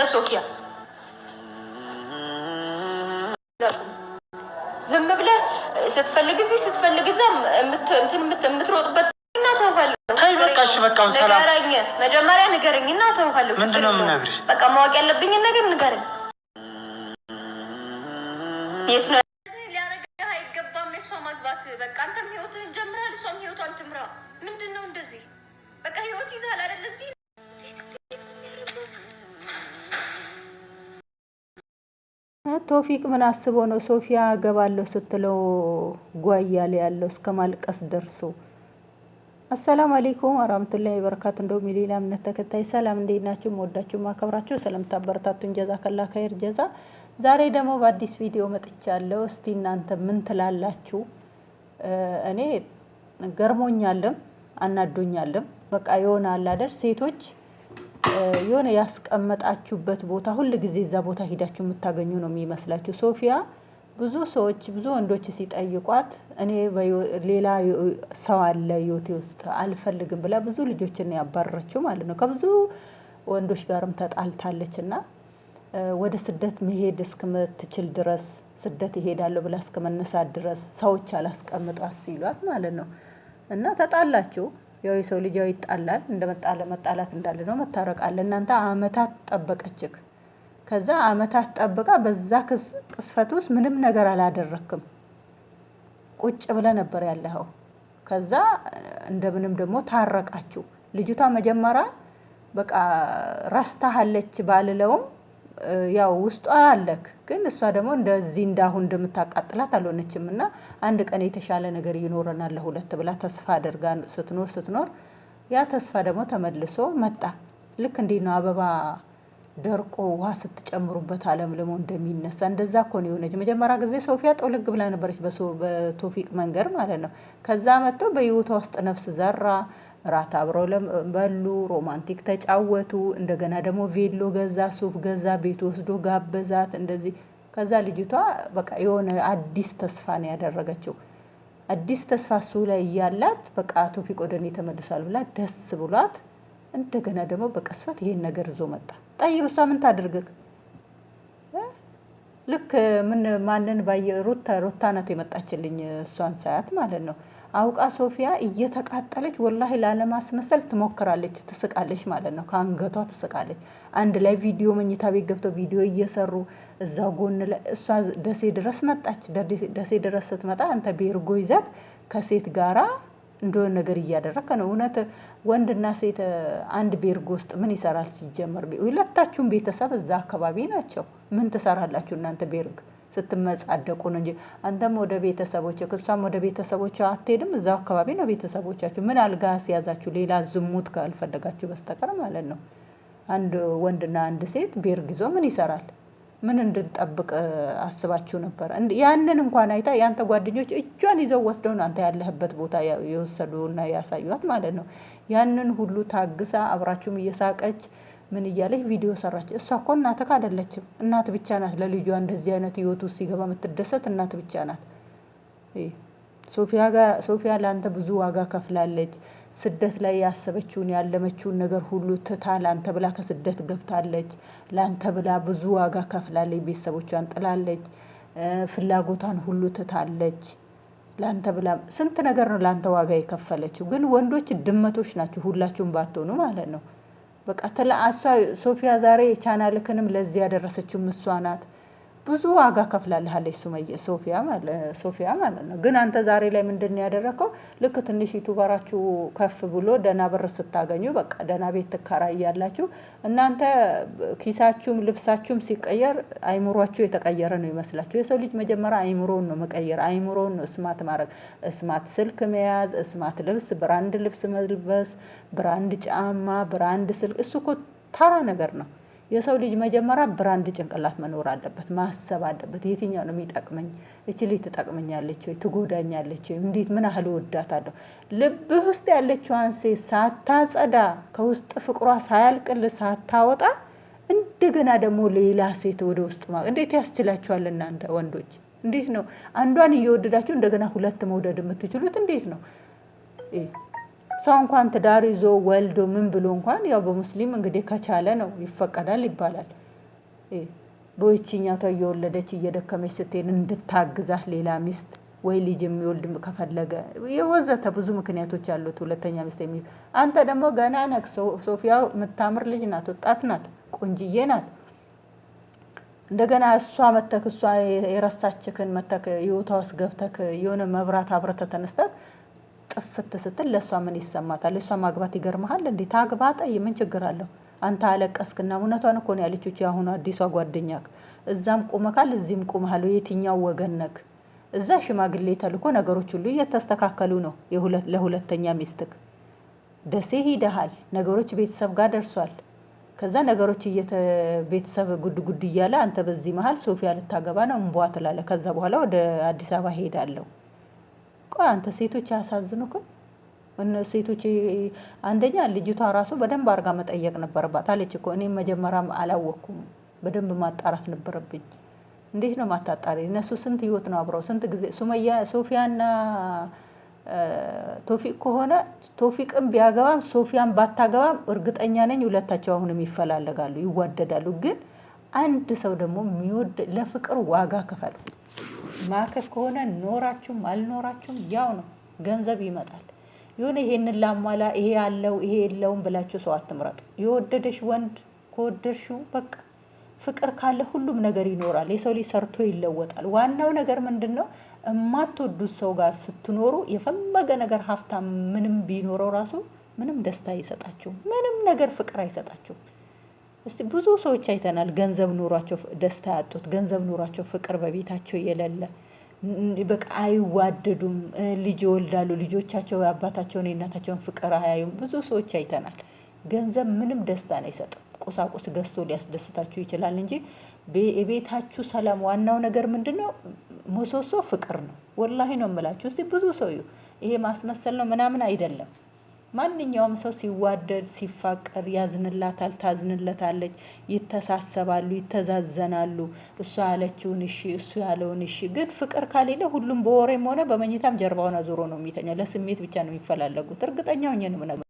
ወደ ሶፊያ ዝም ብለህ ስትፈልግ እዚህ ስትፈልግ እዛ የምትሮጥበት እና መጀመሪያ ንገረኝ እና ተንፋለ በቃ ማወቅ ያለብኝን ነገር ንገረኝ። የት ነው አይገባም። የሷ ማግባት በቃ አንተም ህይወትህን ጀምራል፣ እሷም ህይወቷን ትምራ። ምንድን ነው እንደዚህ በቃ ህይወት ይዛል አይደለ ቶፊቅ ምን አስቦ ነው ሶፊያ ገባለሁ ስትለው ጓያል ያለው እስከ ማልቀስ ደርሶ። አሰላሙ አሌይኩም አራምቱላ በረካቱ። እንደ የሌላ እምነት ተከታይ ሰላም፣ እንዴት ናችሁ? መወዳችሁ ማከብራችሁ ስለምታበረታቱን ጀዛ ከላ ከይር ጀዛ። ዛሬ ደግሞ በአዲስ ቪዲዮ መጥቻለሁ። እስቲ እናንተ ምን ትላላችሁ? እኔ ገርሞኛለም አናዶኛለም። በቃ የሆነ አላደር ሴቶች የሆነ ያስቀመጣችሁበት ቦታ ሁል ጊዜ እዛ ቦታ ሂዳችሁ የምታገኙ ነው የሚመስላችሁ። ሶፊያ ብዙ ሰዎች ብዙ ወንዶች ሲጠይቋት እኔ ሌላ ሰው አለ ህይወቴ ውስጥ አልፈልግም ብላ ብዙ ልጆችን ያባረረችው ማለት ነው። ከብዙ ወንዶች ጋርም ተጣልታለች እና ወደ ስደት መሄድ እስከምትችል ድረስ ስደት ይሄዳለሁ ብላ እስከመነሳት ድረስ ሰዎች አላስቀምጧት ሲሏት ማለት ነው። እና ተጣላችሁ ያው የሰው ልጅ ያው ይጣላል። እንደ መጣላት እንዳለ ነው መታረቃለ እናንተ አመታት ጠበቀችክ። ከዛ አመታት ጠብቃ በዛ ቅስፈት ውስጥ ምንም ነገር አላደረክም። ቁጭ ብለ ነበር ያለኸው። ከዛ እንደምንም ደግሞ ታረቃችሁ። ልጅቷ መጀመሪያ በቃ ረስታሃለች ባልለውም ያው ውስጧ አለክ ግን እሷ ደግሞ እንደዚህ እንዳሁን እንደምታቃጥላት አልሆነችም። እና አንድ ቀን የተሻለ ነገር ይኖረናል ለሁለት ብላ ተስፋ አድርጋ ስትኖር ስትኖር ያ ተስፋ ደግሞ ተመልሶ መጣ። ልክ እንዲህ ነው አበባ ደርቆ ውሃ ስትጨምሩበት አለምልሞ እንደሚነሳ እንደዛ ኮን የሆነች። መጀመሪያ ጊዜ ሶፊያ ጦልግ ብላ ነበረች በቶፊቅ መንገድ ማለት ነው። ከዛ መጥቶ በህይወቷ ውስጥ ነፍስ ዘራ ራት አብረው በሉ፣ ሮማንቲክ ተጫወቱ። እንደገና ደግሞ ቬሎ ገዛ፣ ሱፍ ገዛ፣ ቤት ወስዶ ጋበዛት እንደዚህ። ከዛ ልጅቷ በቃ የሆነ አዲስ ተስፋ ነው ያደረገችው። አዲስ ተስፋ እሱ ላይ እያላት በቃ ቶፊቅ ወደ እኔ ተመልሷል ብላ ደስ ብሏት እንደገና ደግሞ በቅስፈት ይሄን ነገር ይዞ መጣ። ጠይብ እሷ ምን ታድርግክ? ልክ ምን ማንን ባየ ሩታ ሩታ ናት የመጣችልኝ እሷን ሳያት ማለት ነው። አውቃ ሶፊያ እየተቃጠለች ወላሂ ላለማስመሰል ትሞክራለች፣ ትስቃለች ማለት ነው። ከአንገቷ ትስቃለች። አንድ ላይ ቪዲዮ መኝታ ቤት ገብተው ቪዲዮ እየሰሩ እዛ ጎን ላይ እሷ ደሴ ድረስ መጣች። ደሴ ድረስ ስትመጣ አንተ ቤርጎ ይዛት ከሴት ጋራ እንደሆነ ነገር እያደረከ ነው። እውነት ወንድና ሴት አንድ ቤርጎ ውስጥ ምን ይሰራል ሲጀመር? ሁለታችሁም ቤተሰብ እዛ አካባቢ ናቸው። ምን ትሰራላችሁ እናንተ ቤርግ ስትመጻደቁ ነው እንጂ አንተም ወደ ቤተሰቦች እሷም ወደ ቤተሰቦች አትሄድም። እዛው አካባቢ ነው ቤተሰቦቻችሁ። ምን አልጋ ሲያዛችሁ ሌላ ዝሙት ካልፈለጋችሁ በስተቀር ማለት ነው። አንድ ወንድና አንድ ሴት ቤርግ ይዞ ምን ይሰራል? ምን እንድንጠብቅ አስባችሁ ነበር? ያንን እንኳን አይታ የአንተ ጓደኞች እጇን ይዘው ወስደውን አንተ ያለህበት ቦታ የወሰዱና ያሳዩት ማለት ነው። ያንን ሁሉ ታግሳ አብራችሁም እየሳቀች ምን እያለች ቪዲዮ ሰራች። እሷ እኮ እናትህ አይደለችም። እናት ብቻ ናት ለልጇ እንደዚህ አይነት ህይወቱ ሲገባ የምትደሰት እናት ብቻ ናት። ሶፊያ ለአንተ ብዙ ዋጋ ከፍላለች። ስደት ላይ ያሰበችውን ያለመችውን ነገር ሁሉ ትታ ለአንተ ብላ ከስደት ገብታለች። ለአንተ ብላ ብዙ ዋጋ ከፍላለች። ቤተሰቦቿን ጥላለች። ፍላጎቷን ሁሉ ትታለች። ለአንተ ብላ ስንት ነገር ነው ለአንተ ዋጋ የከፈለችው። ግን ወንዶች ድመቶች ናቸው ሁላችሁም ባትሆኑ ማለት ነው። በቃ ሶፊያ ዛሬ ቻናልክንም ለዚህ ያደረሰችው እሷ ናት። ብዙ ዋጋ ከፍላልሃለች ሶፊያ ማለት ነው። ግን አንተ ዛሬ ላይ ምንድን ነው ያደረግከው? ልክ ትንሽ ዩቱበራችሁ ከፍ ብሎ ደህና ብር ስታገኙ በቃ ደህና ቤት ትከራያላችሁ። እናንተ ኪሳችሁም ልብሳችሁም ሲቀየር አይምሯችሁ የተቀየረ ነው ይመስላችሁ። የሰው ልጅ መጀመሪያ አይምሮን ነው መቀየር፣ አይምሮን ነው እስማት ማድረግ፣ እስማት ስልክ መያዝ፣ እስማት ልብስ፣ ብራንድ ልብስ መልበስ፣ ብራንድ ጫማ፣ ብራንድ ስልክ። እሱ እኮ ተራ ነገር ነው። የሰው ልጅ መጀመሪያ ብራንድ ጭንቅላት መኖር አለበት፣ ማሰብ አለበት። የትኛው ነው የሚጠቅመኝ? እች ልጅ ትጠቅመኛለች ወይ ትጎዳኛለች ወይ? እንዴት ምን ያህል እወዳታለሁ? ልብህ ውስጥ ያለችዋን ሴት ሳታጸዳ፣ ከውስጥ ፍቅሯ ሳያልቅል ሳታወጣ እንደገና ደግሞ ሌላ ሴት ወደ ውስጥ ማ እንዴት ያስችላችኋል? እናንተ ወንዶች እንዴት ነው አንዷን እየወደዳችሁ እንደገና ሁለት መውደድ የምትችሉት? እንዴት ነው? ሰው እንኳን ትዳር ይዞ ወልዶ ምን ብሎ እንኳን ያው በሙስሊም እንግዲህ ከቻለ ነው ይፈቀዳል ይባላል። በይችኛቷ እየወለደች እየደከመች ስትሄድ እንድታግዛት ሌላ ሚስት ወይ ልጅ የሚወልድ ከፈለገ የወዘተ ብዙ ምክንያቶች አሉት። ሁለተኛ ሚስት የሚ አንተ ደግሞ ገና ነክ ሶፊያ የምታምር ልጅ ናት፣ ወጣት ናት፣ ቆንጅዬ ናት። እንደገና እሷ መተክ እሷ የረሳችክን መተክ ህይወቷ ውስጥ ገብተክ የሆነ መብራት አብረተ ተነስተክ ጥፍት ስትል ለእሷ ምን ይሰማታል? እሷ ማግባት ይገርመሃል እንዴ? ታግባ ጠይ፣ ምን ችግር አለው? አንተ አለቀስክና እውነቷን እኮ ነው ያለችው አሁኑ አዲሷ ጓደኛክ። እዛም ቁመካል፣ እዚህም ቁመሃል። የትኛው ወገን ነክ? እዛ ሽማግሌ ተልኮ ነገሮች ሁሉ እየተስተካከሉ ነው። ለሁለተኛ ሚስትክ ደሴ ሂደሃል። ነገሮች ቤተሰብ ጋር ደርሷል። ከዛ ነገሮች ቤተሰብ ጉድ ጉድ እያለ አንተ በዚህ መሀል ሶፊያ ልታገባ ነው እምቧ ትላለህ። ከዛ በኋላ ወደ አዲስ አበባ ሄዳለሁ ቆይ አንተ ሴቶች አያሳዝኑክም? ሴቶች አንደኛ ልጅቷ ራሱ በደንብ አድርጋ መጠየቅ ነበረባት አለች እኮ። እኔም መጀመሪያም አላወቅኩም፣ በደንብ ማጣራት ነበረብኝ። እንዴት ነው ማታጣሪ? እነሱ ስንት ህይወት ነው አብረው ስንት ጊዜ ሱመያ ሶፊያና ቶፊቅ ከሆነ ቶፊቅን ቢያገባም ሶፊያን ባታገባም እርግጠኛ ነኝ ሁለታቸው አሁንም ይፈላለጋሉ፣ ይዋደዳሉ። ግን አንድ ሰው ደግሞ የሚወድ ለፍቅር ዋጋ ክፈሉ። ማከክ ከሆነ ኖራችሁም አልኖራችሁም ያው ነው፣ ገንዘብ ይመጣል። የሆነ ይሄንን ላሟላ፣ ይሄ ያለው ይሄ የለውም ብላችሁ ሰው አትምረጡ። የወደደሽ ወንድ ከወደድሽው በቃ ፍቅር ካለ ሁሉም ነገር ይኖራል። የሰው ልጅ ሰርቶ ይለወጣል። ዋናው ነገር ምንድን ነው? የማትወዱት ሰው ጋር ስትኖሩ የፈለገ ነገር ሀብታም ምንም ቢኖረው ራሱ ምንም ደስታ አይሰጣችሁም። ምንም ነገር ፍቅር አይሰጣችሁም። እስቲ ብዙ ሰዎች አይተናል። ገንዘብ ኑሯቸው ደስታ ያጡት፣ ገንዘብ ኑሯቸው ፍቅር በቤታቸው የሌለ በቃ አይዋደዱም። ልጅ ይወልዳሉ፣ ልጆቻቸው አባታቸውን የእናታቸውን ፍቅር አያዩም። ብዙ ሰዎች አይተናል። ገንዘብ ምንም ደስታን አይሰጥም። ቁሳቁስ ገዝቶ ሊያስደስታችሁ ይችላል እንጂ የቤታችሁ ሰላም። ዋናው ነገር ምንድን ነው? ምሰሶ ፍቅር ነው። ወላሂ ነው የምላችሁ። እስቲ ብዙ ሰው ይሄ ማስመሰል ነው ምናምን አይደለም። ማንኛውም ሰው ሲዋደድ ሲፋቀር ያዝንላታል፣ ታዝንለታለች፣ ይተሳሰባሉ፣ ይተዛዘናሉ። እሷ ያለችውን እሺ፣ እሱ ያለውን እሺ። ግን ፍቅር ከሌለ ሁሉም በወሬም ሆነ በመኝታም ጀርባውን አዙሮ ነው የሚተኛ። ለስሜት ብቻ ነው የሚፈላለጉት። እርግጠኛ ሆኜ ነው